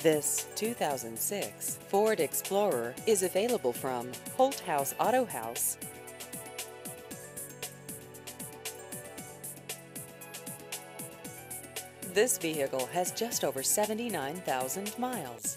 This 2006 Ford Explorer is available from Holt House Auto House. This vehicle has just over 79,000 miles.